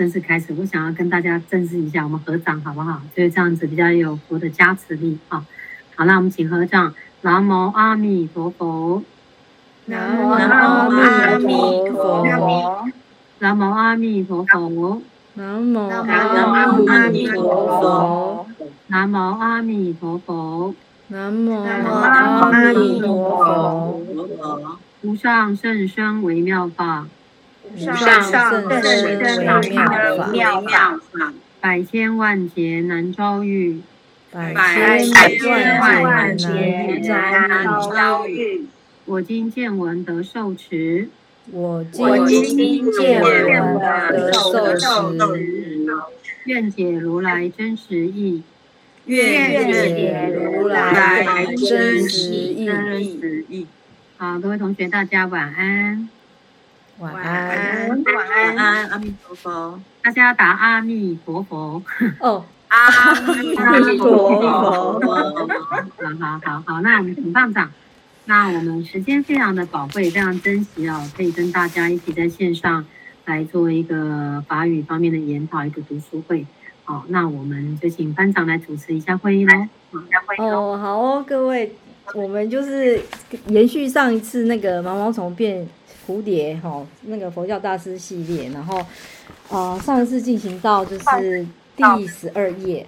正式開始，我想要跟大家正式一下，我們合掌好不好？所以這樣子比較有佛的加持力啊。好，那我們請合掌，南無阿彌陀佛，南無阿彌陀佛，南無阿彌陀佛，南無阿彌陀佛，南無阿彌陀佛，南無阿彌陀佛，無上甚深微妙法。無上甚深微妙法，百千萬劫難遭遇。百千萬劫難遭遇。遇我今見聞得受持，我今見聞得受持。願解如來真實義，願解如來真實義。好，各位同學，大家晚安。晚安，晚安，晚安安安，阿彌陀佛，大家打阿彌陀佛哦，阿彌陀佛，好好好好，那我們很棒的。那我們時間非常的寶貴，非常珍惜哦，可以跟大家一起在線上來做一個法語方面的研討，一個讀書會，好，那我們就請班長來主持一下會議嘍，好、嗯哦，好哦，各位，嗯、我們就是延續上一次那個毛毛蟲變。蝴蝶哈、哦，那個佛教大師系列，然後，呃，上一次進行到就是第十二頁，嗯、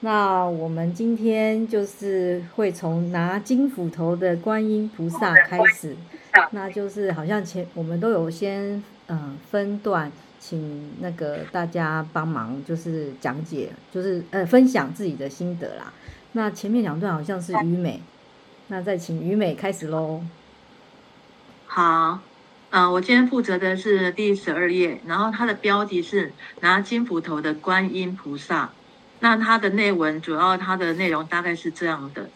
那我們今天就是會從拿金斧頭的觀音菩薩開始，嗯嗯、那就是好像前我們都有先嗯分段，請那個大家幫忙就是講解，就是呃分享自己的心得啦。那前面兩段好像是於美，嗯、那再請於美開始嘍。好、嗯。嗯、呃，我今天負責的是第十二頁，然後它的標題是拿金斧頭的觀音菩薩。那它的內文主要它的內容大概是這樣的，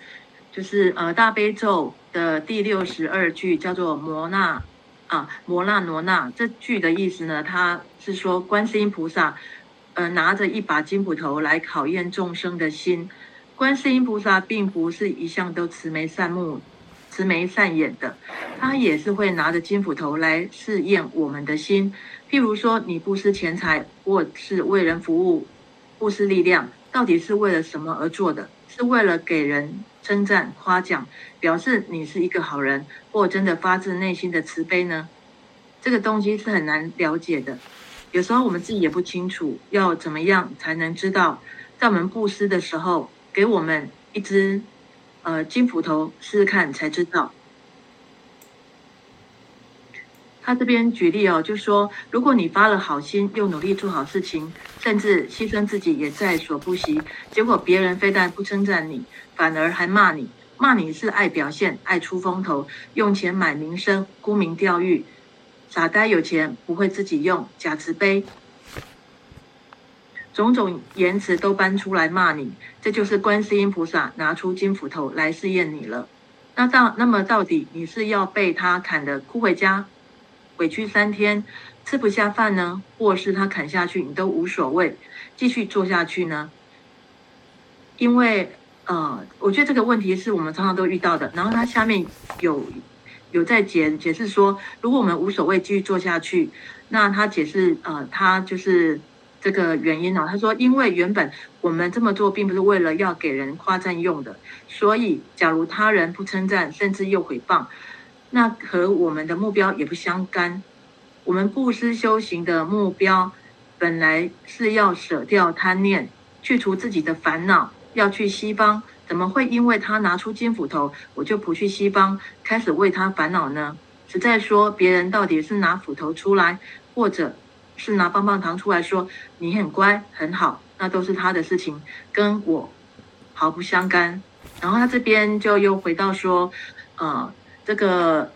就是呃大悲咒的第六十二句叫做摩那啊摩囉那囉，這句的意思呢，它是說觀世音菩薩呃拿着一把金斧頭來考驗眾生的心。觀世音菩薩並不是一向都慈眉善目。慈眉善眼的，他也是會拿着金斧頭來試驗我們的心。譬如說，你布施錢財，或是為人服務，布施力量，到底是為了什麼而做的？是為了給人稱讚、誇獎，表示你是一個好人，或真的發自內心的慈悲呢？這個東西是很難了解的。有時候我們自己也不清楚，要怎麼樣才能知道，在我們布施的時候，給我們一支。呃，金斧頭試試看才知道。他這邊舉例哦，就說如果你發了好心又努力做好事情，甚至犧牲自己也在所不惜，結果別人非但不稱讚你，反而還罵你，罵你是愛表現、愛出風頭、用錢買名聲、沽名釣譽、傻呆有錢不會自己用、假慈悲。種種言辭都搬出來罵你，這就是觀世音菩薩拿出金斧頭來試驗你了。那到那麼到底你是要被他砍得哭回家，委屈三天吃不下飯呢，或是他砍下去你都無所謂，繼續做下去呢？因為呃，我覺得這個問題是我們常常都遇到的。然後他下面有有在解解釋說，如果我們無所謂繼續做下去，那他解釋呃，他就是。這個原因呢，啊，他說，因為原本我們這麼做並不是為了要給人誇讚用的，所以假如他人不稱讚，甚至又誹謗，那和我們的目標也不相干。我們布施修行的目標本來是要捨掉貪念，去除自己的煩惱，要去西方，怎麼會因為他拿出金斧頭，我就不去西方，開始為他煩惱呢？實在說，別人到底是拿斧頭出來，或者是拿棒棒糖出來說，你很乖很好，那都是他的事情，跟我毫不相干。然後他這邊就又回到說，呃，這個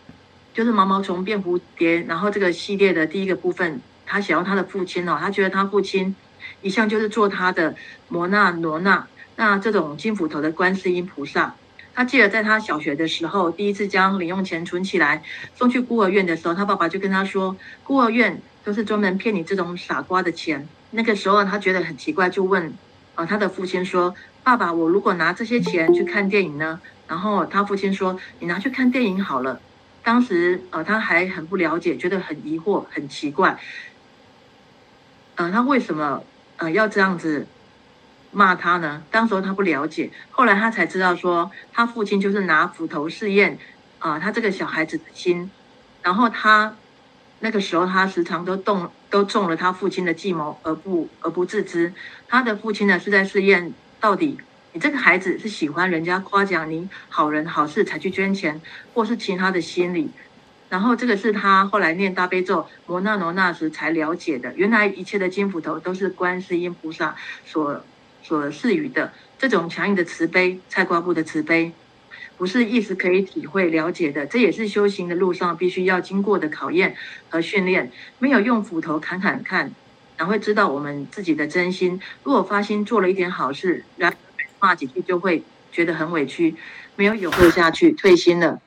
就是毛毛蟲變蝴、蝴蝶，然後這個系列的第一個部分，他想要他的父親哦，他覺得他父親一向就是做他的摩囉那囉，那這種金斧頭的觀世音菩薩。他記得在他小學的時候，第一次將零用錢存起來送去孤兒院的時候，他爸爸就跟他說，孤兒院。都是專門騙你這種傻瓜的錢。那個時候，他覺得很奇怪，就問啊、呃，他的父親說：“爸爸，我如果拿這些錢去看電影呢？”然後他父親說：“你拿去看電影好了。”當時，呃，他還很不了解，覺得很疑惑，很奇怪。嗯、呃，他為什麼呃要這樣子罵他呢？當時候他不了解，後來他才知道說，說他父親就是拿斧頭試驗啊，他這個小孩子的心。然後他。那個時候，他時常都動都中了他父親的計謀，而不而不自知。他的父親呢，是在試驗到底你這個孩子是喜歡人家誇獎你好人好事才去捐錢，或是其他的心理。然後這個是他後來念大悲咒、摩囉那囉時才了解的。原來一切的金斧頭都是觀世音菩薩所所賜予的，這種強硬的慈悲，菜瓜布的慈悲。不是一時可以體會了解的，這也是修行的路上必須要經過的考驗和訓練。沒有用斧頭砍砍看，哪會知道我們自己的真心？如果發心做了一點好事，然後罵幾句就會覺得很委屈，沒有勇氣做下去，退心了。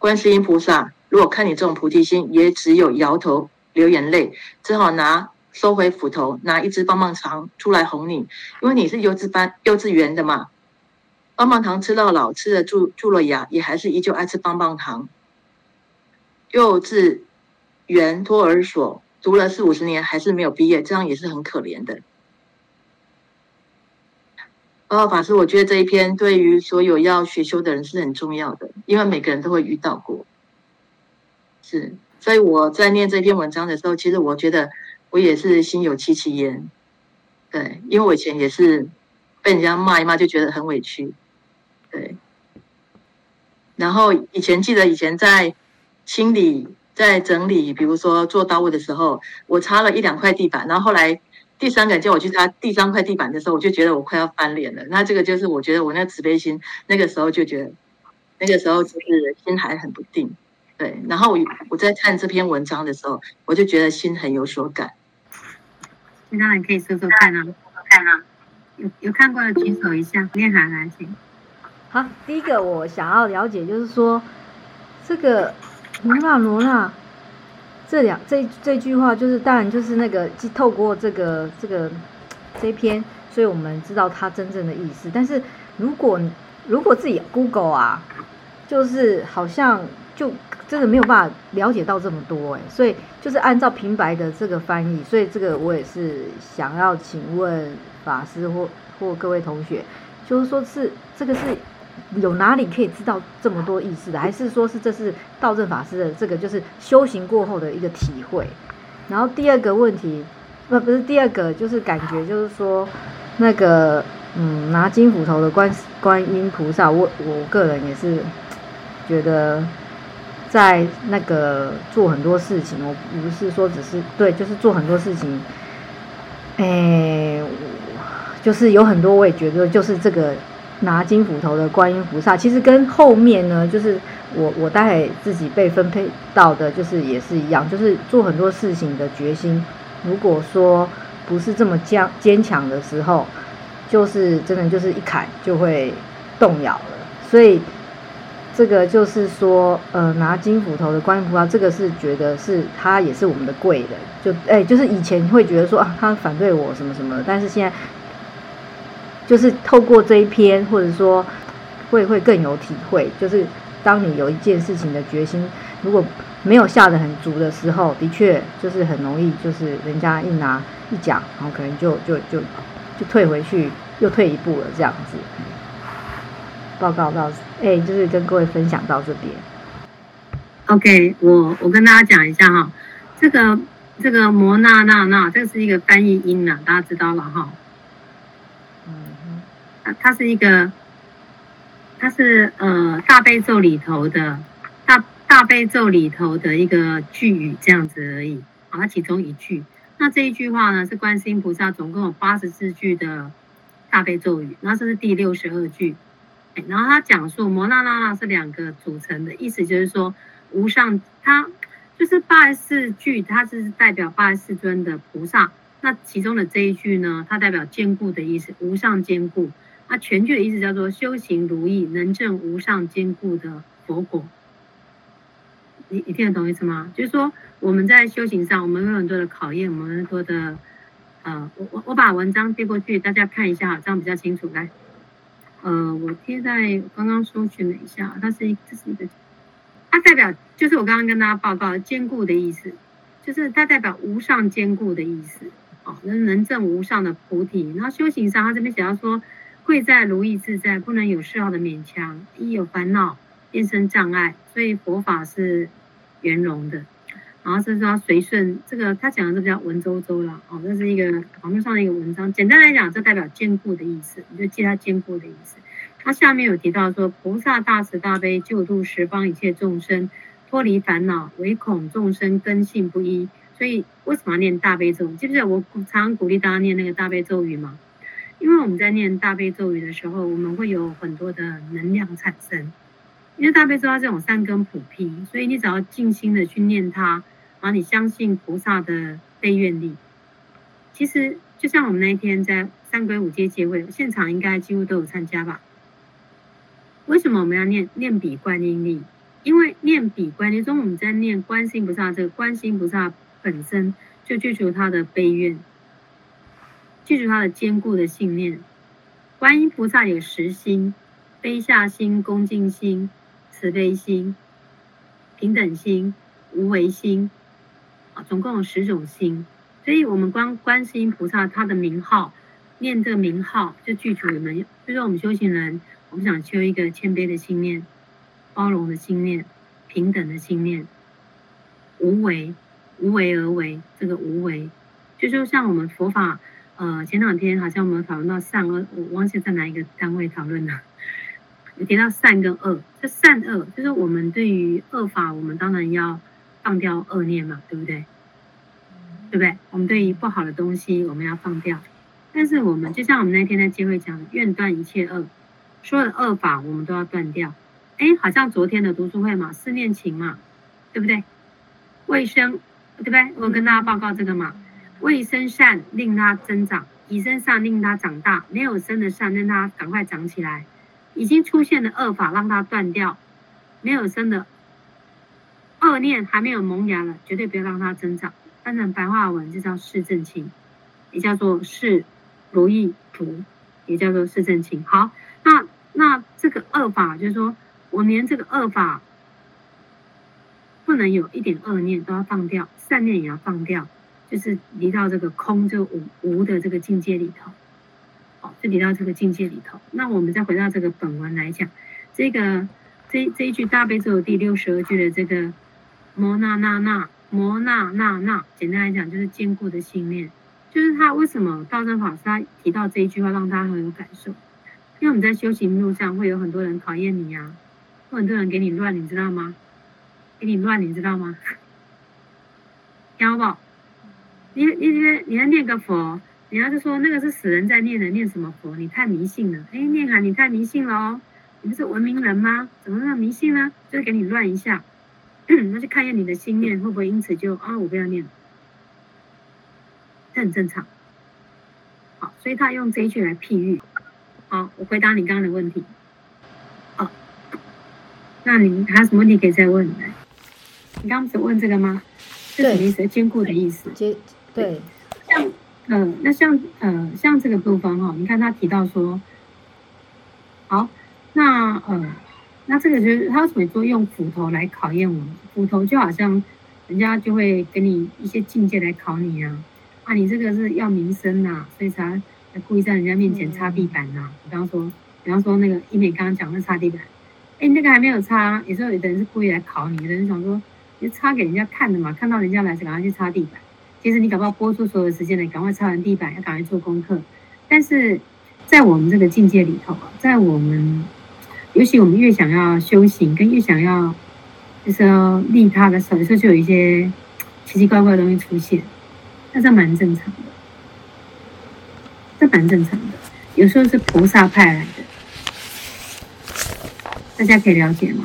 觀世音菩薩，如果看你這種菩提心，也只有搖頭流眼淚，只好拿收回斧頭，拿一支棒棒糖出來哄你，因為你是幼稚班、幼稚園的嘛。棒棒糖吃到老，吃的蛀蛀了牙，也還是依舊愛吃棒棒糖。幼稚園托兒所讀了四五十年，還是沒有畢業，這樣也是很可憐的。阿、哦、法法師，我覺得這一篇對於所有要學修的人是很重要的，因為每個人都會遇到過。是，所以我在念這篇文章的時候，其實我覺得我也是心有戚戚焉。對，因為我以前也是被人家罵一罵，就覺得很委屈。對，然後以前記得以前在清理、在整理，比如說做到位的時候，我擦了一兩塊地板，然後後來第三個人叫我去擦第三塊地板的時候，我就覺得我快要翻臉了。那這個就是我覺得我那慈悲心，那個時候就覺得，那個時候就是心還很不定。對，然後我我在看這篇文章的時候，我就覺得心很有所感。其他人可以說說看啊，說說看啊，有有看過的舉手一下。念海啊，行。好、啊，第一個我想要了解，就是說，這個摩囉那囉這兩這這句話，就是當然就是那個，就透過這個這個這篇，所以我們知道它真正的意思。但是如果如果自己 Google 啊，就是好像就真的沒有辦法了解到這麼多哎、欸，所以就是按照平白的這個翻譯，所以這個我也是想要請問法師或或各位同學，就是說是這個是。有哪裡可以知道這麼多意思的？還是說是這是道證法師的這個就是修行過後的一個體會？然後第二個問題，那不，不是第二個，就是感覺就是說那個嗯，拿金斧頭的觀觀音菩薩，我我個人也是覺得在那個做很多事情，我不是說只是對，就是做很多事情，哎、欸，我，就是有很多我也覺得就是這個。拿金斧頭的觀音菩薩，其實跟後面呢，就是我我待會自己被分配到的，就是也是一樣，就是做很多事情的決心，如果說不是這麼堅堅強的時候，就是真的就是一砍就會動搖了。所以這個就是說，呃，拿金斧頭的觀音菩薩，這個是覺得是他也是我們的貴人。就哎、欸，就是以前會覺得說啊，他反對我什麼什麼的，但是現在。就是透過這一篇，或者說會會更有體會。就是當你有一件事情的決心，如果沒有下得很足的時候，的確就是很容易，就是人家一拿一講，然、哦、後可能就就就就退回去，又退一步了這樣子。嗯、報告到，哎、欸，就是跟各位分享到這邊。OK，我我跟大家講一下哈、哦，這個這個摩囉那囉這是一個翻譯音吶、啊，大家知道了哈、哦。它是一個，它是呃大悲咒裡頭的大大悲咒裡頭的一個句語，這樣子而已。啊，它其中一句。那這一句話呢，是觀世音菩薩總共有八十四句的大悲咒語，然後這是第六十二句。欸，然後他講述摩囉那囉是兩個組成的，意思就是說無上，它就是八十四句，它是代表八十四尊的菩薩。那其中的這一句呢，它代表堅固的意思，無上堅固。它、啊、全句的意思叫做“修行如意，能證無上堅固的佛果。”你、你聽得懂意思嗎？就是說我們在修行上，我們有很多的考驗，我們有很多的……呃，我、我、我把文章貼過去，大家看一下好，這樣比較清楚。來，呃，我貼在剛剛搜尋了一下，它是一，這是一個，它代表就是我剛剛跟大家報告“堅固”的意思，就是它代表無上堅固的意思。哦，能能證無上的菩提，然後修行上，他這邊寫到說。貴在如意自在，不能有絲毫的勉強。一有煩惱，便生障礙。所以佛法是圓融的，然後是說隨順。這個他講的是比較文縐縐啦。哦，這是一個網絡上的一個文章。簡單來講，這代表堅固的意思，你就記它堅固的意思。他下面有提到說，菩薩大慈大悲，救度十方一切眾生，脫離煩惱，唯恐眾生根性不一。所以為什麼要念大悲咒？記不記得我常常鼓勵大家念那個大悲咒語嗎？因為我們在念大悲咒語的時候，我們會有很多的能量產生。因為大悲咒它這種善根普被，所以你只要靜心的去念它，然後你相信菩薩的悲願力，其實就像我們那一天在三歸五戒結會現場，應該幾乎都有參加吧？為什麼我們要念念彼觀音力？因為念彼觀音中，我們在念觀世音菩薩，這個觀世音菩薩本身就追求他的悲願。記住他的堅固的信念，觀音菩薩有十心：卑下心、恭敬心、慈悲心、平等心、無為心。啊，總共有十種心。所以，我們觀觀世音菩薩他的名號，念這個名號，就記住我們，就是我們修行人，我們想修一個謙卑的信念、包容的信念、平等的信念、無為，無為而為。這個無為，就是像我們佛法。呃，前兩天好像我們有討論到善惡，我忘記在哪一個單位討論了啊。有提到善跟惡，這善惡就是我們對於惡法，我們當然要放掉惡念嘛，對不對？對不對？我們對於不好的東西，我們要放掉。但是我們就像我們那天在機會講的，願斷一切惡，所有的惡法我們都要斷掉。哎，好像昨天的讀書會嘛，四念情嘛，對不對？衛生，對不對？我跟大家報告這個嘛。未生善令他增長，已生善令他長大，沒有生的善令他趕快長起來，已經出現的惡法讓他斷掉，沒有生的惡念還沒有萌芽了，絕對不要讓它增長。翻成白話文就叫四正勤，也叫做四如意足，也叫做四正勤。好，那那這個惡法就是說我連這個惡法不能有一點惡念都要放掉，善念也要放掉。就是離到這個空，就無無的這個境界裡頭，哦，就離到這個境界裡頭。那我們再回到這個本文來講，這個這一這一句大悲咒的第六十二句的這個摩囉那囉、摩囉那囉，簡單來講就是堅固的信念。就是他為什麼道證法師他提到這一句話讓他很有感受，因為我們在修行路上會有很多人考驗你啊，會很多人給你亂，你知道嗎？給你亂，你知道嗎？聽好不好？你你你你要念個佛，你要是說那個是死人在念的，念什麼佛？你太迷信了！哎，念啊，你太迷信了哦！你不是文明人嗎？怎麼那麼迷信呢？就是給你亂一下，那就看一下你的心念會不會因此就啊，我不要念，這很正常。好，所以他用這一句來譬喻。好，我回答你剛剛的問題。好，那你還有什麼問題可以再問，來。你剛剛只問這個嗎？對，堅固的意思。對，像呃，那像呃，像這個部分哈，你看他提到說，好，那呃，那這個就是他為什麼說用斧頭來考驗我們？斧頭就好像人家就會給你一些境界來考你啊，啊，你這個是要名聲吶，所以才故意在人家面前擦地板吶、啊。比方，嗯嗯，說，比方說那個一美剛剛講的擦地板，哎，那個還沒有擦，說有時候等於是故意來考你，有人想說你擦給人家看的嘛，看到人家來，是趕快去擦地板。其實你趕快播出所有時間來，你趕快擦完地板，要趕快做功課。但是在我們這個境界裡頭啊，在我們，尤其我們越想要修行，跟越想要，就是要利他的時候，有時候就有一些奇奇怪怪的東西出現，那這蠻正常的，這蠻正常的。有時候是菩薩派來的，大家可以了解嗎？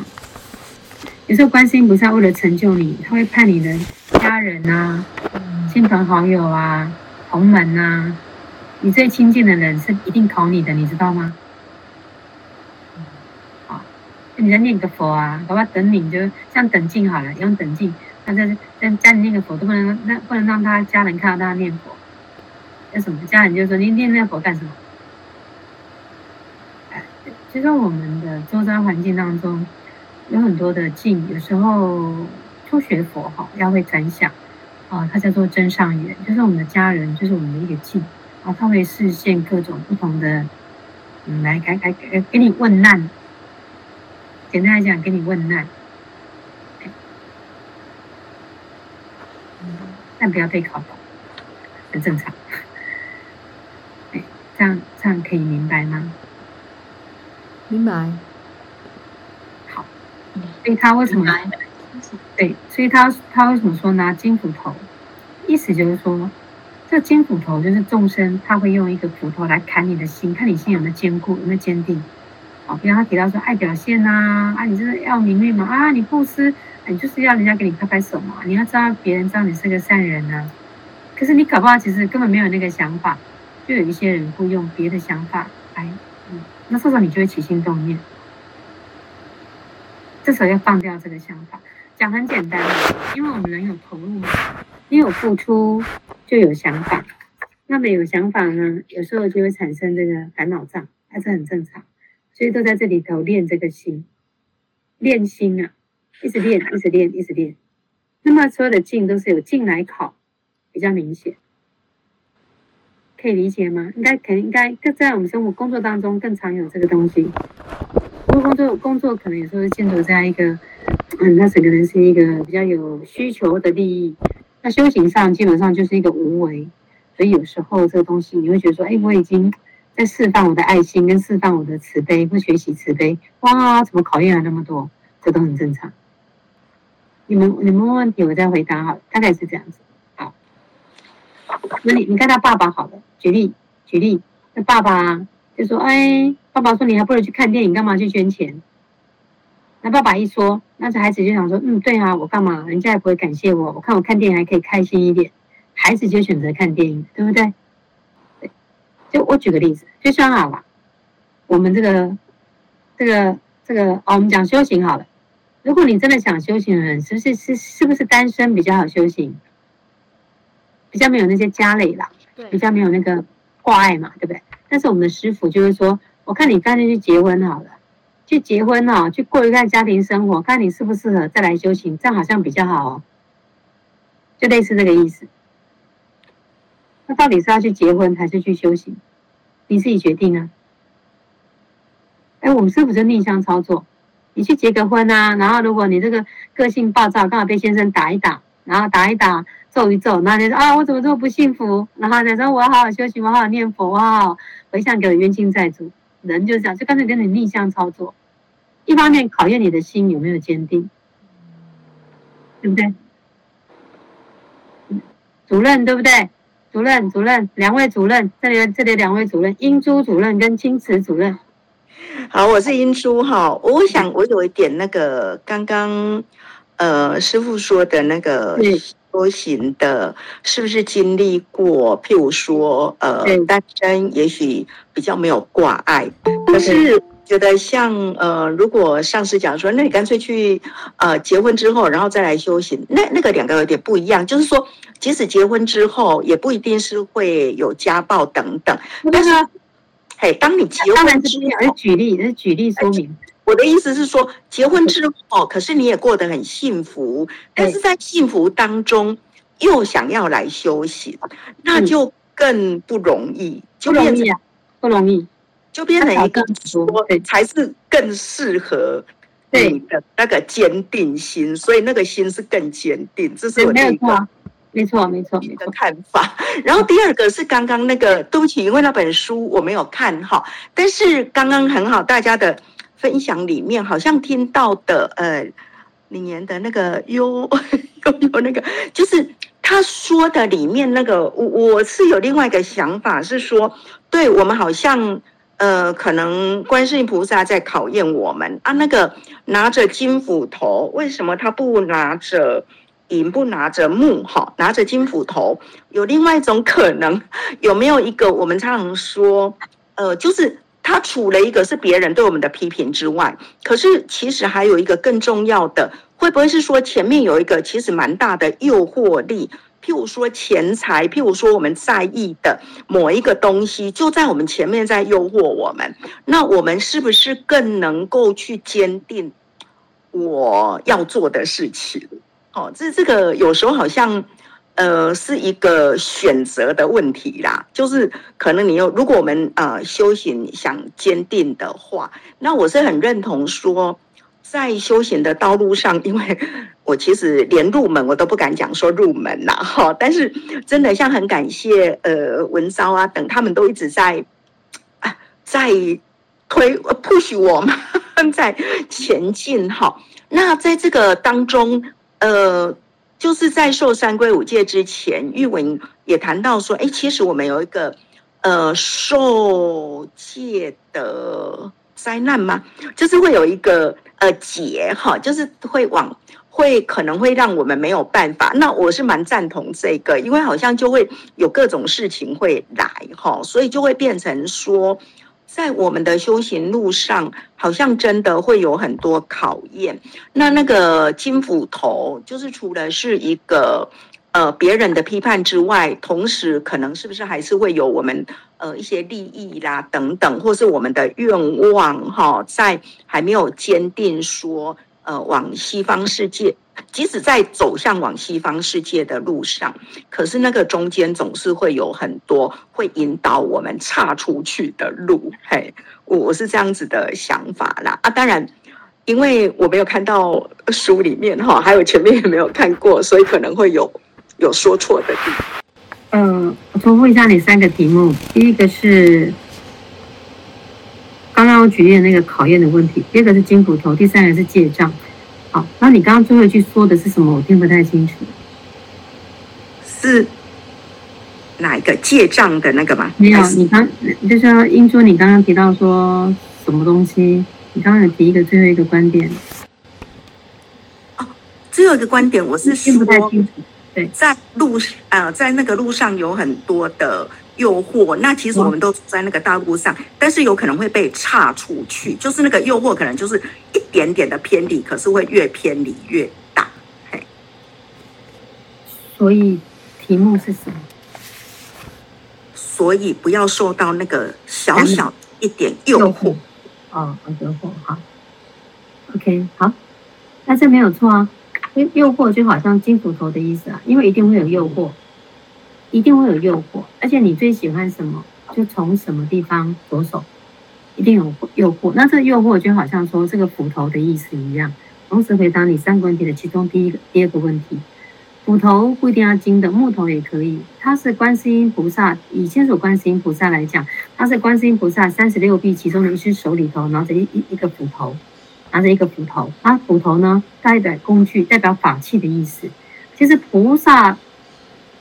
有時候觀世音菩薩為了成就你，他會派你的家人啊。親朋好友啊，同門吶、啊，你最親近的人是一定考你的，你知道嗎？好，你在念個佛啊，爸爸等你，你就像等靜好了，用等靜。那在在家裡念個佛都不能讓不能讓他家，家人看到他念佛，那什麼？家人就說，你念那佛幹什麼？哎，就我們的周遭環境當中有很多的境，有時候初學佛哈，要會轉想。哦，它叫做增上緣，就是我們的家人，就是我們的一個境，然後他會示現各種不同的，嗯，來給給給給，給你問難。簡單來講，給你問難。但不要被考倒，很正常。哎，這樣這樣可以明白嗎？明白。好。嗯，所以他為什麼？對，所以他他為什麼說拿金斧頭？意思就是說，這金斧頭就是眾生，他會用一個斧頭來砍你的心，看你心有沒有堅固，有沒有堅定。好、哦，比方他提到說，愛表現吶、啊，啊，你就是要名譽嘛，啊，你布施，你就是要人家給你拍拍手嘛，你要知道別人知道你是個善人吶、啊。可是你搞不好其實根本沒有那個想法，就有一些人會用別的想法，來。嗯，那這時候你就會起心動念，這時候要放掉這個想法。講很簡單，因為我們人有投入嘛，你有付出，就有想法。那麼有想法呢，有時候就會產生這個煩惱障，還是很正常。所以都在這裡頭練這個心，練心啊，一直練，一直練，一直練。那麼所有的境都是有境來考，比較明顯，可以理解嗎？應該可應該在我們生活工作當中更常有這個東西。如果工作，工作可能有時候進入這樣一個。嗯，那整個人是一個比較有需求的利益。那修行上基本上就是一個無為，所以有時候這個東西你會覺得說，哎，我已經在釋放我的愛心跟釋放我的慈悲，會學習慈悲，哇，怎麼考驗了啊那麼多？這都很正常。你們你們問問題我再回答哈，大概是這樣子。好，那你你看他爸爸好了，舉例舉例，那爸爸就說，哎，爸爸說你還不如去看電影，幹嘛去捐錢？那爸爸一說，那這孩子就想說，嗯，對啊，我幹嘛？人家也不會感謝我。我看我看電影還可以開心一點，孩子就選擇看電影，對不對？對，就我舉個例子，就算好了，我們這個、這個、這個，哦，我們講修行好了。如果你真的想修行的人，是不是是是不是單身比較好修行？比較沒有那些家累啦，比較沒有那個掛礙嘛，對不對？但是我們的師父就會說，我看你乾脆去結婚好了。去結婚哦，去過一段家庭生活，看你適不適合再來修行，這樣好像比較好哦，就類似這個意思。那到底是要去結婚還是去修行？你自己決定啊。哎、欸，我們是不是逆向操作？你去結個婚啊，然後如果你這個個性暴躁，剛好被先生打一打，然後打一打，揍一揍，那你說啊，我怎麼這麼不幸福？然後你說我好好修行，我好好念佛，我好好回向給我冤親債主。人就這樣，就剛才跟你逆向操作。一方面考驗你的心有沒有堅定，對不對？主任，對不對？主任，主任，兩位主任，這裡這裡兩位主任，英珠主任跟金池主任。好，我是英珠哈。我想，我有一點那個剛剛呃師父說的那個修行的，是不是經歷過？譬如說，呃，對單身也許比較沒有掛礙，可對對是。覺得像呃，如果上司講說，那你乾脆去呃結婚之後，然後再來修行，那那個兩個有點不一樣。就是說，即使結婚之後，也不一定是會有家暴等等。但是，那個、嘿，當你結婚之後，當然是舉例，那個、舉例說明。我的意思是說，結婚之後，可是你也過得很幸福，對但是在幸福當中又想要來修行，對那就更不容易，就變容易、啊、不容易。就變成一個，我才是更適合你的那個堅定心，對所以那個心是更堅定。對這是我的一個，沒錯沒錯你的看法。沒錯然後第二個是剛剛那個， 對不起，因為那本書我沒有看哈。但是剛剛很好，大家的分享裡面好像聽到的，呃，李年的那個有有有那個， 就是他說的裡面那個，我我是有另外一個想法，是說，對我們好像。呃，可能觀世音菩薩在考驗我們啊。那個拿着金斧頭，為什麼他不拿着銀，不拿着木？哈，拿着金斧頭，有另外一種可能，有沒有一個我們常常說，呃，就是他除了一個是別人對我們的批評之外，可是其實還有一個更重要的，會不會是說前面有一個其實蠻大的誘惑力？譬如說錢財，譬如說我們在意的某一個東西，就在我們前面在誘惑我們。那我們是不是更能夠去堅定我要做的事情？哦，這這個有時候好像呃是一個選擇的問題啦。就是可能你要如果我們呃修行想堅定的話，那我是很認同說。在修行的道路上，因為我其實連入門我都不敢講說入門吶，哈！但是真的像很感謝呃文昭啊等，他們都一直在啊在推、呃、push 我嘛，在前進哈、哦。那在這個當中，呃，就是在受三歸五戒之前，玉文也談到說，哎，其實我們有一個呃受戒的。災難嗎？就是會有一個呃劫哈，就是會往會可能會讓我們沒有辦法。那我是蠻贊同這個，因為好像就會有各種事情會來哈，所以就會變成說，在我們的修行路上，好像真的會有很多考驗。那那個金斧頭，就是除了是一個。呃，別人的批判之外，同時可能是不是還是會有我們呃一些利益啦等等，或是我們的願望哈，在還沒有堅定說呃往西方世界，即使在走向往西方世界的路上，可是那個中間總是會有很多會引導我們岔出去的路。嘿，我我是這樣子的想法啦。啊，當然，因為我沒有看到書裡面哈，還有前面也沒有看過，所以可能會有。有說錯的地方。呃，我重複一下你三個題目。第一個是剛剛我舉例的那個考驗的問題，第二個是金斧頭，第三個是借賬。好，那你剛剛最後一句說的是什麼？我聽不太清楚。是哪一個借賬的那個吧？沒有，是你剛就是英珠，你剛剛提到說什麼東西？你剛剛有提一個最後一個觀點。哦，最後一個觀點，我是聽不太清楚。對在路呃，在那個路上有很多的誘惑，那其實我們都在那個大路上，嗯、但是有可能會被岔出去，就是那個誘惑可能就是一點點的偏離，可是會越偏離越大。嘿，所以題目是什麼？所以不要受到那個小小一點誘惑。誘惑哦，好的，好，OK，好，那這沒有錯啊。誘惑就好像金斧頭的意思啊，因為一定會有誘惑，一定會有誘惑，而且你最喜歡什麼，就從什麼地方着手，一定有誘惑。那這誘惑就好像說這個斧頭的意思一樣。同時回答你三個問題的其中第一個、第二個問題。斧頭不一定要金的，木頭也可以。它是觀世音菩薩，以千手觀世音菩薩來講，它是觀世音菩薩三十六臂其中的一隻手裡頭拿着一一一個斧頭。拿着一個斧頭，那斧頭呢，代表工具，代表法器的意思。其實菩薩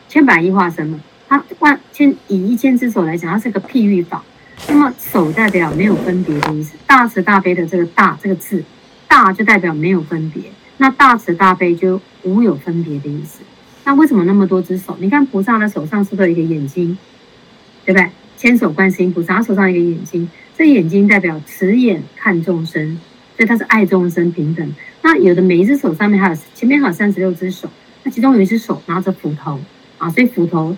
千百億化身嘛，他萬千以一千隻手來講，它是個譬喻法。那麼手代表沒有分別的意思，大慈大悲的這個“大”這個字，大就代表沒有分別。那大慈大悲就無有分別的意思。那為什麼那麼多隻手？你看菩薩的手上是不是有一個眼睛？對不對？千手觀世音菩薩，手上有一個眼睛，這眼睛代表慈眼看眾生。所以他是愛眾生平等。那有的每一隻手上面，還有前面還有三十六隻手，那其中有一隻手拿着斧頭啊。所以斧頭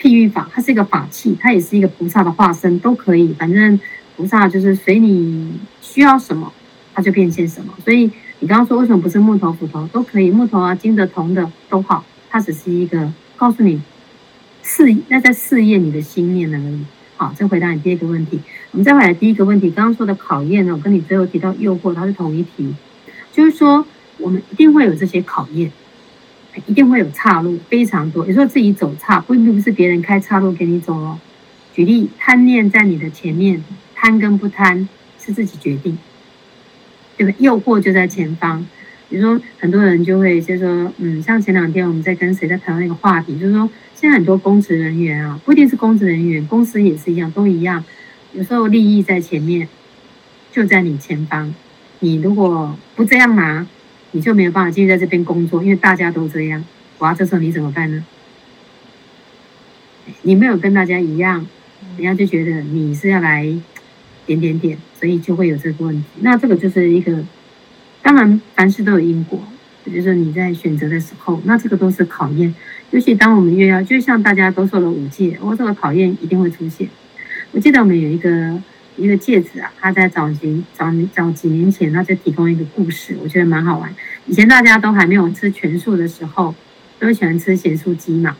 譬喻法，它是一個法器，它也是一個菩薩的化身，都可以。反正菩薩就是隨你需要什麼，他就變現什麼。所以你剛剛說為什麼不是木頭斧頭都可以？木頭啊、金的、銅的都好，它只是一個告訴你，試那在試驗你的心念而已。好，再回答你第二個問題。我們再回來第一個問題，剛剛說的考驗呢，我跟你最後提到誘惑，它是同一題，就是說我們一定會有這些考驗，一定會有岔路，非常多。你說自己走岔，未必不是別人開岔路給你走哦。舉例，貪念在你的前面，貪跟不貪是自己決定，對吧？誘惑就在前方。比如說，很多人就會就說，嗯，像前兩天我們在跟誰在談到那個話題，就是說。現在很多公職人員啊，不一定是公職人員，公司也是一樣，都一樣。有時候利益在前面，就在你前方。你如果不這樣拿啊，你就沒有辦法繼續在這邊工作，因為大家都這樣。要這時候你怎麼辦呢？你沒有跟大家一樣，人家就覺得你是要來點點點，所以就會有這個問題。那這個就是一個，當然凡事都有因果，就是你在選擇的時候，那這個都是考驗。尤其當我們越要，就像大家都說了五戒，我說的考驗一定會出現。我記得我們有一個一個戒指啊，他在早幾早早幾年前，他就提供一個故事，我覺得蠻好玩。以前大家都還沒有吃全素的時候，都喜歡吃鹹素雞嘛，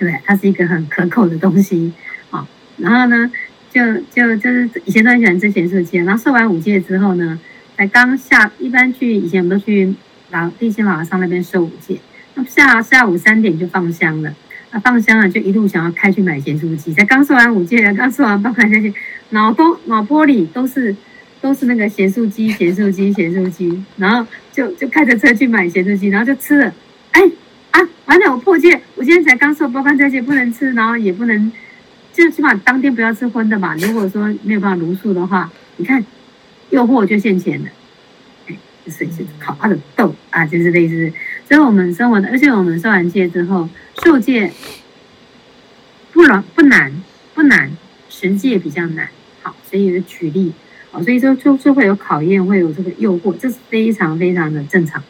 對不對？它是一個很可口的東西啊、哦。然後呢，就就就是以前都很喜歡吃鹹素雞。然後受完五戒之後呢，還剛下一般去以前我們都去老地心老和尚那邊受五戒。下下午三點就放香了。啊放香了、啊、就一路想要開去買鹹酥雞，才剛說完五戒，剛說完八關齋戒，腦都腦波裡，都是都是那個鹹酥雞鹹酥雞鹹酥雞，然後就就開着車去買鹹酥雞，然後就吃了，哎啊，完了我破戒，我今天才剛說八關齋戒不能吃，然後也不能，最起碼當天不要吃葷的嘛，如果說沒有辦法茹素的話，你看誘惑就現前了。就是考他的豆啊，就是類似的意思。所以我們生活的，而且我們受完戒之後，受戒不難不難不難，持戒也比較難。好，所以舉例，所以說就就會有考驗，會有這個誘惑，這是非常非常的正常的。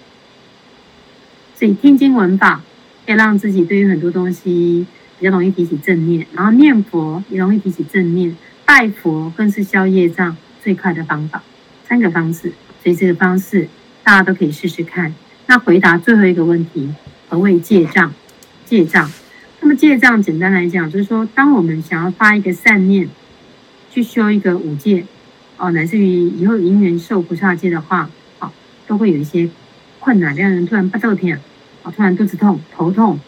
所以聽經聞法，可以讓自己對於很多東西比較容易提起正念，然後念佛也容易提起正念，拜佛更是消業障最快的方法，三個方式。所以這個方式，大家都可以試試看。那回答最後一個問題：何謂戒障？戒障，那麼戒障簡單來講，就是說，當我們想要發一個善念，去修一個五戒，哦，乃至於以後因緣受菩薩戒的話，好、哦，都會有一些困難，讓人突然不受甜，啊、哦，突然肚子痛、頭痛，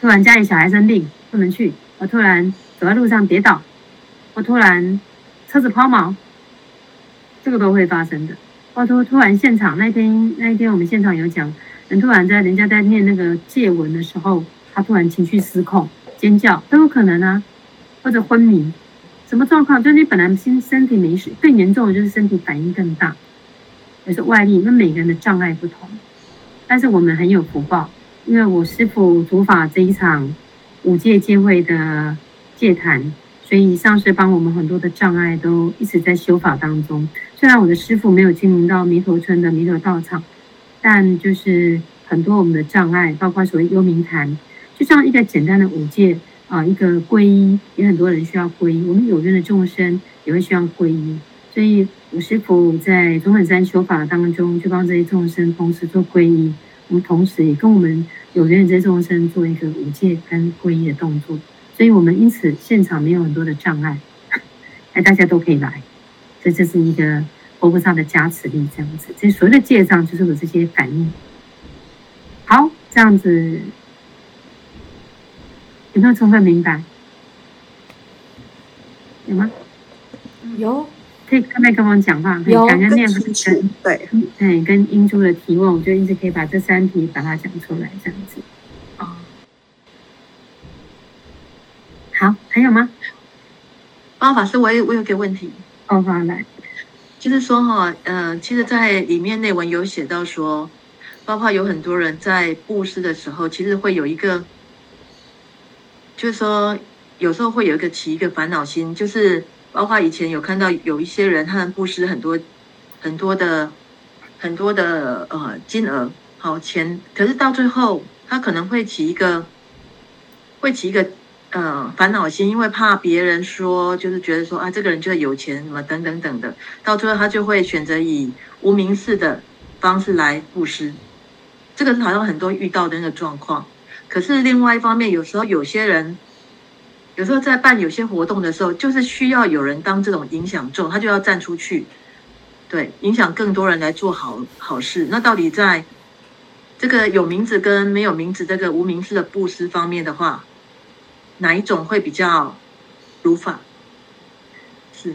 突然家裡小孩生病不能去，啊、哦，突然走在路上跌倒，或、哦、突然車子拋錨，這個都會發生的。哇！突突然現場那天，那天我們現場有講，人突然在人家在念那個戒文的時候，他突然情緒失控尖叫都有可能啊，或者昏迷，什麼狀況？就是你本來身身體沒事，更嚴重的就是身體反應更大，也是外力，那每個人的障礙不同。但是我們很有福報，因為我師父主法這一場五戒戒會的戒壇。所以以上是幫我們很多的障礙都一直在修法當中。雖然我的師父沒有親臨到彌陀村的彌陀道，道場，但就是很多我們的障礙，包括所謂幽冥壇，就像一個簡單的五戒啊，一個皈依，也很多人需要皈依。我們有緣的眾生也會需要皈依。所以五師父在中本山修法當中，就幫這些眾生同時做皈依。我們同時也跟我們有緣的這些眾生做一個五戒跟皈依的動作。所以我們因此現場沒有很多的障礙，哎，大家都可以來，所以這是一個菩薩的加持力這樣子。這所有的介紹就是我這些反應。好，這樣子有沒有充分明白？有嗎？有，可以跟麥跟我們講話。有，跟主持人對、嗯、對，跟英珠的提問，我就一直可以把這三題把它講出來這樣子。好，還有嗎？阿、啊、法師，我有我有個問題。哦，好來，就是說哈，嗯、哦呃，其實，在裡面內文有寫到說，包括有很多人在布施的時候，其實會有一個，就是說有時候會有一個起一個煩惱心，就是包括以前有看到有一些人，他們布施很多很多的很多的呃金額好、哦、錢，可是到最後他可能會起一個，會起一個。嗯，煩惱心，因為怕別人說，就是覺得說啊，這個人就是有錢什麼等等等的，到最後他就會選擇以無名氏的方式來布施，這個是好像很多遇到的那個狀況。可是另外一方面，有時候有些人，有時候在辦有些活動的時候，就是需要有人當這種影響眾，他就要站出去，對，影響更多人來做好好事。那到底在這個有名字跟沒有名字，這個無名氏的布施方面的話，哪一種會比較如法？是，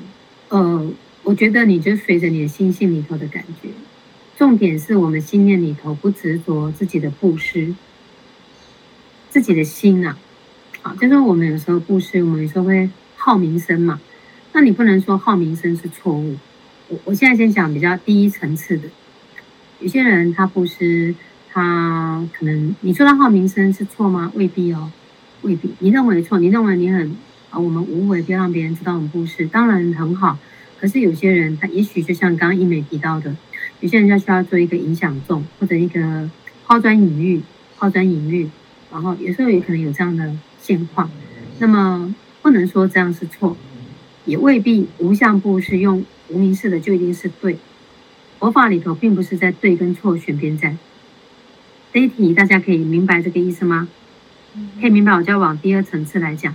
呃，我覺得你就隨着你的心性裡頭的感覺。重點是我們心念裡頭不執着自己的布施，自己的心吶、啊。好、啊，就是我們有時候布施，我們有時候會好名聲嘛。那你不能說好名聲是錯誤。我我現在先講比較低層次的。有些人他布施，他可能你說他好名聲是錯嗎？未必哦。未必，你認為錯，你認為你很啊，我們無為，不要讓別人知道我們故事，當然很好。可是有些人，他也許就像剛剛一美提到的，有些人就需要做一個影響眾，或者一個拋磚引玉，拋磚引玉。然後有時候也可能有這樣的現況。那麼不能說這樣是錯，也未必無相布施用無名氏的就一定是對。佛法裡頭並不是在對跟錯選邊站。Daddy，大家可以明白這個意思嗎？可以明白，我就要往第二層次來講。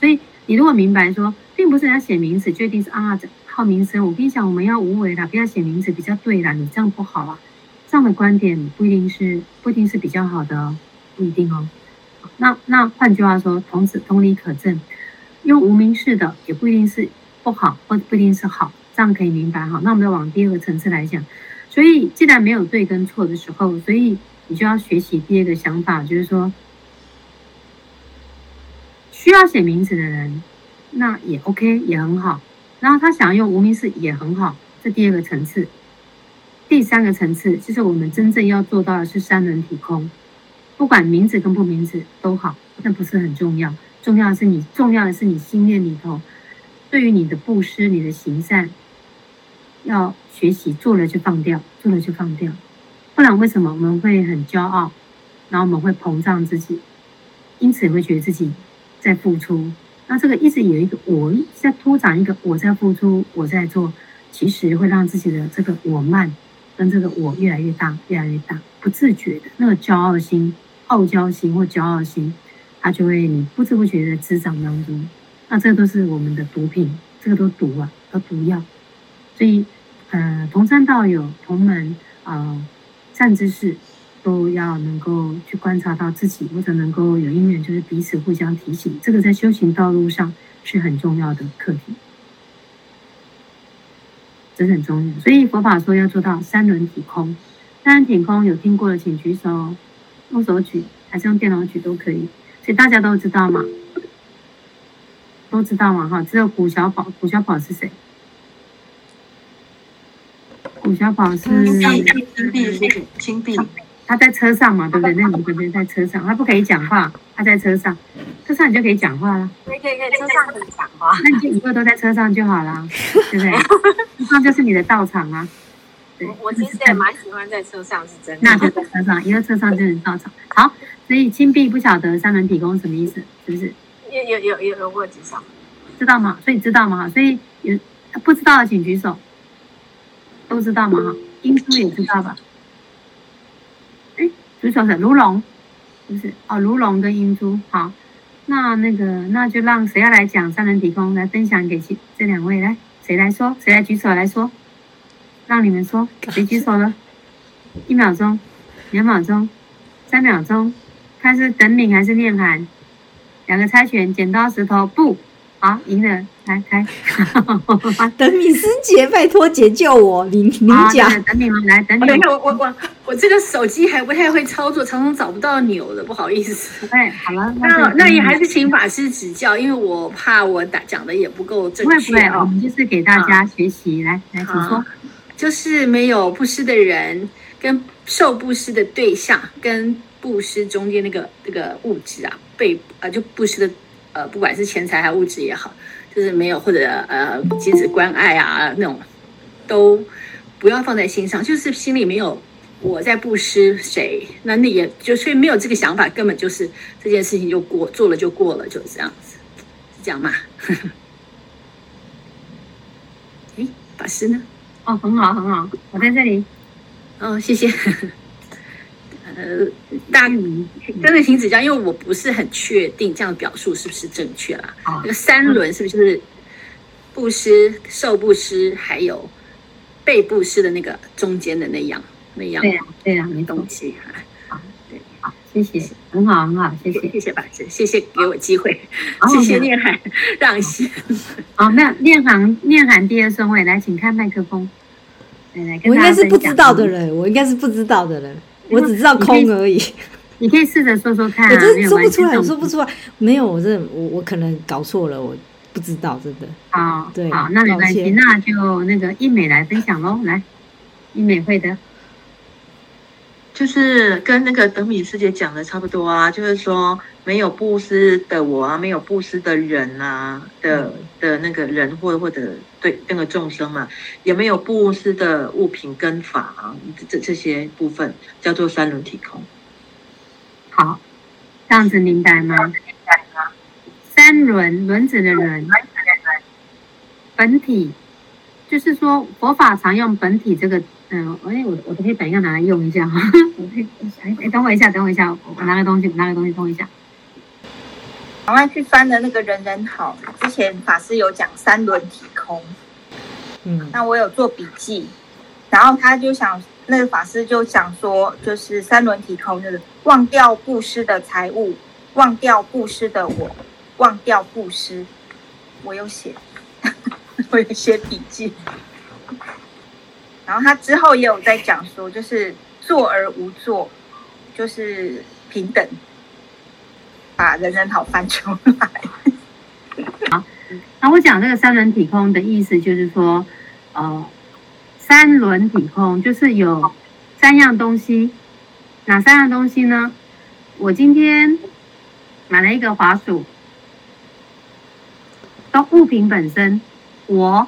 所以，你如果明白說，並不是人家寫名詞，就一定是啊，好名聲。我跟你講，我們要無為的，不要寫名字比較對啦。你這樣不好啊！這樣的觀點不一定是不一定是比較好的哦，不一定哦。那那換句話說，同此同理可證，用無名氏的也不一定是不好，或不，不一定是好。這樣可以明白哈？那我們就要往第二個層次來講。所以，既然沒有對跟錯的時候，所以你就要學習第二個想法，就是說。需要寫名字的人，那也 OK，也很好。然後他想要用無名氏也很好，這第二個層次。第三個層次，其實我們真正要做到的是三輪體空，不管名字跟不名字都好，但不是很重要。重要的是你，重要的是你心念裡頭，對於你的布施、你的行善，要學習做了就放掉，做了就放掉。不然為什麼我們會很驕傲，然後我們會膨脹自己，因此會覺得自己。在付出，那這個一直有一個我在拓展，一個我在付出，我在做，其實會讓自己的這個我慢跟這個我越來越大，越來越大，不自覺的那個驕傲心、傲嬌心或驕傲心，它就會你不知不覺的滋長當中。那這都是我們的毒品，這個都毒啊，都毒藥。所以，呃，同參道友、同門啊、呃，善知識。都要能夠去觀察到自己，或者能夠有因緣，就是彼此互相提醒。這個在修行道路上是很重要的課題，這很重要。所以佛法說要做到三輪體空。三輪體空有聽過的請舉手，用手舉還是用電腦舉都可以。所以大家都知道嗎？都知道嗎？哈，只有古小寶，古小寶是誰？古小寶是金碧，金碧金碧。他在車上嘛，對不對？那你這邊在車上，他不可以講話。他在車上，車上你就可以講話了。可以可以，車上可以講話。那你就一個都在車上就好了、啊，對不對？ 車上就是你的道場啊。對我，我其實也蠻喜歡在車上，是真的。那就在車上，一個車上就是道場。 好，所以金幣不曉得三輪體空什麼意思，是不是？有有有有有，會知知道嗎？所以知道嗎？所以有不知道的、啊、請舉手。都知道嗎？英叔、嗯、也知道吧？舉手的盧龍，不是哦，盧龍跟英珠。好，那那個那就讓誰要來講三人提公來分享給這兩位來，誰來說？誰來舉手來說？讓你們說，誰舉手了？一秒鐘，兩秒鐘，三秒鐘，看是等敏還是念涵？兩個猜拳，剪刀石頭布。不好，贏、啊、了，來來， 等米師傑，拜託解救我，你你講，等你們來等你，等，你等一下，我我我我這個手機還不太會操作，常常找不到鈕的，不好意思。哎，好了，那你那也還是請法師指教，因為我怕我打，講的也不夠正確、啊。會不會我們就是給大家學習，啊、來來請說、啊。就是沒有布施的人，跟受布施的對象，跟布施中間那個那、這個物質啊，被啊、呃、就布施的。呃，不管是錢財還物質也好，就是沒有或者呃，給予關愛啊那種，都不要放在心上，就是心裡沒有我在布施誰，那那也就所以沒有這個想法，根本就是這件事情就過做了就過了，就是這樣子，是這樣嗎？哎、 欸，法師呢？哦，很好很好，我在這裡。哦，謝謝。 呃，大家，真的請指教，因為我不是很確定這樣表述是不是正確啦、啊。哦、那個三輪是不是就是布施、受布施，還有被布施的那個中間的那樣那樣，對啊對啊，東西、啊。好，對，好，謝謝，很好，很好，謝謝，謝謝，法師，謝謝給我機會，哦、謝謝念涵，讓下。好，那念涵，念涵第二順位，來，請看麥克風。我應該是不知道的人，我應該是不知道的人。我只知道空而已你。 你可以試着說說看、啊。我真說不出來，我說不出來，嗯、沒有，我這，我我可能搞錯了，我不知道，真的。啊好，對，好，歉那沒關係，那就那個一美來分享嘍，來，一美會的。就是跟那個等米師姐講的差不多啊，就是說，沒有布施的我啊，沒有布施的人吶、啊、的的那個人或者或者對那個眾生嘛，也沒有布施的物品跟法啊，這這些部分叫做三輪體空。好，這樣子明白嗎？三輪輪子的輪，本體就是說佛法常用本體這個。哎、嗯欸，我我可以等一下拿來用一下哈。我可以，哎、欸欸，等我一下，等我一下，我拿個東、東西，拿個東西通一下。剛剛去翻的那個人人好，之前法師有講三輪體空。嗯，那我有做筆記，然後他就想，那個法師就想說，就是三輪體空，就是忘掉布施的財物，忘掉布施的我，忘掉布施。我有寫，我有寫筆記。然後他之後也有在講說，就是坐而無坐，就是平等，把人人好翻出來。好，那我講這個三輪體空的意思，就是說，呃、哦，三輪體空就是有三樣東西，哪三樣東西呢？我今天買了一個滑鼠，都物品本身，我。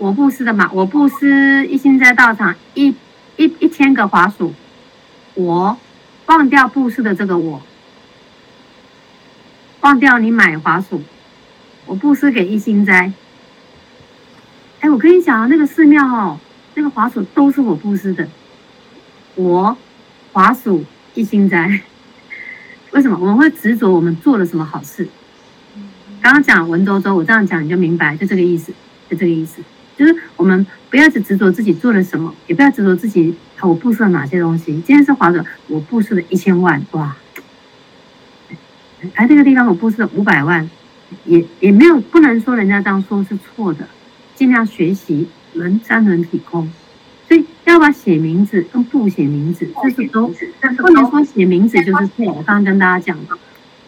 我布施的嘛，我布施一心齋道場一一一千個滑鼠，我忘掉布施的這個我，忘掉你買滑鼠，我布施給一心齋。哎，我跟你講啊，那個寺廟哦，那個滑鼠都是我布施的，我滑鼠一心齋。為什麼我們會執着？我們做了什麼好事？剛剛講文縐縐說，我這樣講你就明白，就這個意思，就這個意思。就是我們不要只執着自己做了什麼，也不要執着自己，我布施了哪些東西。今天是華者，我布施了一千萬，哇！哎，這個地方我布施了五百萬，也也沒有不能說人家這樣說是錯的，儘量學習能三輪體空。所以，要麼寫名字，跟不寫名字，這是都不能寫說寫名字就是錯。我剛剛跟大家講的，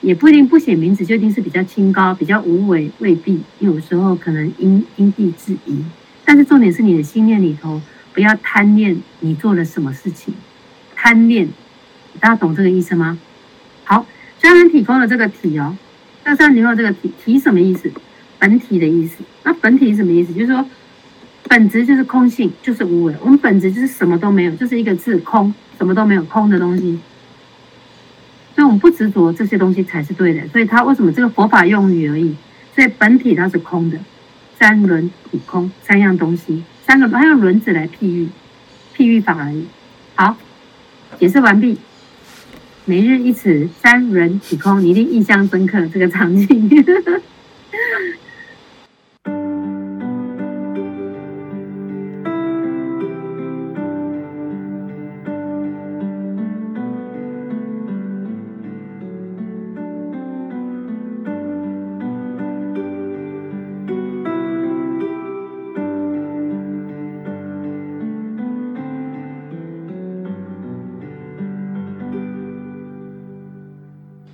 也不一定不寫名字就一定是比較清高、比較無為，未必有時候可能因因地制宜。但是重點是你的心念裡頭不要貪戀你做了什麼事情，貪戀，大家懂這個意思嗎？好，雖然體空了這個體哦，但你面有這個體，體什麼意思？本體的意思。那本體什麼意思？就是說，本質就是空性，就是無為。我們本質就是什麼都沒有，就是一個字，空，什麼都沒有，空的東西。所以，我們不執着這些東西才是對的。所以，它為什麼這個佛法用語而已？所以本體它是空的。三輪體空，三樣東西，三個他用輪子來譬喻，譬喻法而已。好，解釋完畢。每日一詞，三輪體空，你一定印象深刻這個場景。